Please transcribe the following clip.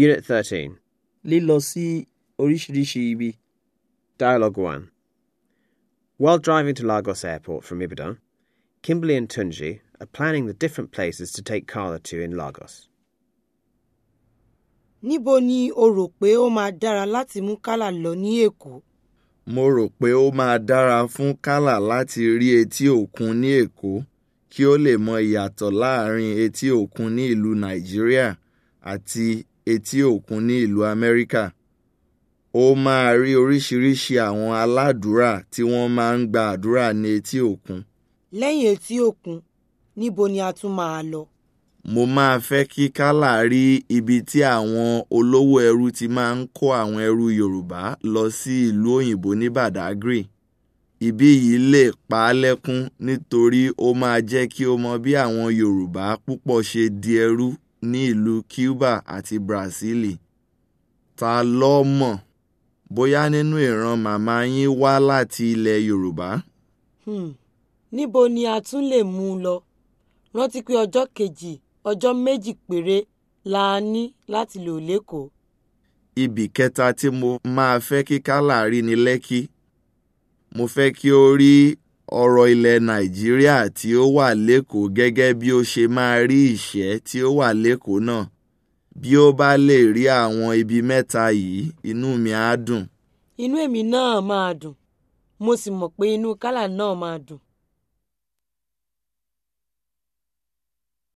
Unit 13. Lílọ sí oríṣiríṣi ibi. Dialogue 1. While driving to Lagos Airport from Ibadan, Kimberly and Tunji are planning the different places to take Carla to in Lagos. Níbo ni o rò pé ó máa dára láti mú Kálà lọ ní Èkó? Mo rò pé ó máa dára fún Kálà láti rí etí òkun ní Èkó kí ó lè mọ ìyàtọ̀ láàrin etí òkun ní ìlú Nàìjíríà àti etí òkun ní ìlú Amẹ́ríkà ó máa rí oríṣiríṣi àwọn aládùúrà tí wọ́n máa ń gba àdúrà ní etí òkun. lẹ́yìn etí òkun níbo ni a tún máa lọ. mo máa fẹ́ kí kálá rí ibi tí àwọn olówó ẹrú ti máa ń kó àwọn ẹrú Yorùbá lọ sí ìlú òyìnbó ní Badagry ibí yìí lè pa á lẹ́kún nítorí ó máa jẹ́ kí ó mọ bí àwọn Yorùbá púpọ̀ ṣe di ẹrú ní ìlú Cuba àti Brasílì ta ló mọ̀ bóyá nínú ìran màmá yín wá láti ilẹ̀ Yorùbá. Hmm. níbo ni a tún lè mú un lọ rántí pé ọjọ́ kejì ọjọ́ méjì péré la ní láti lò lẹ́kọ̀ọ́. ibì kẹta tí mo máa fẹ́ kí kálá rí ní Lẹ́kí mo fẹ́ kí ó rí ọ̀rọ̀ ilẹ̀ nàìjíríà tí ó wà lẹ́kọ̀ọ́ gẹ́gẹ́ bí ó ṣe máa rí ìṣẹ́ tí ó wà lẹ́kọ̀ọ́ náà bí ó bá lè rí àwọn ibi mẹ́ta yìí inú mi á dùn. inú èmi náà máa dùn mo sì mọ̀ pé inú kálá náà máa dùn.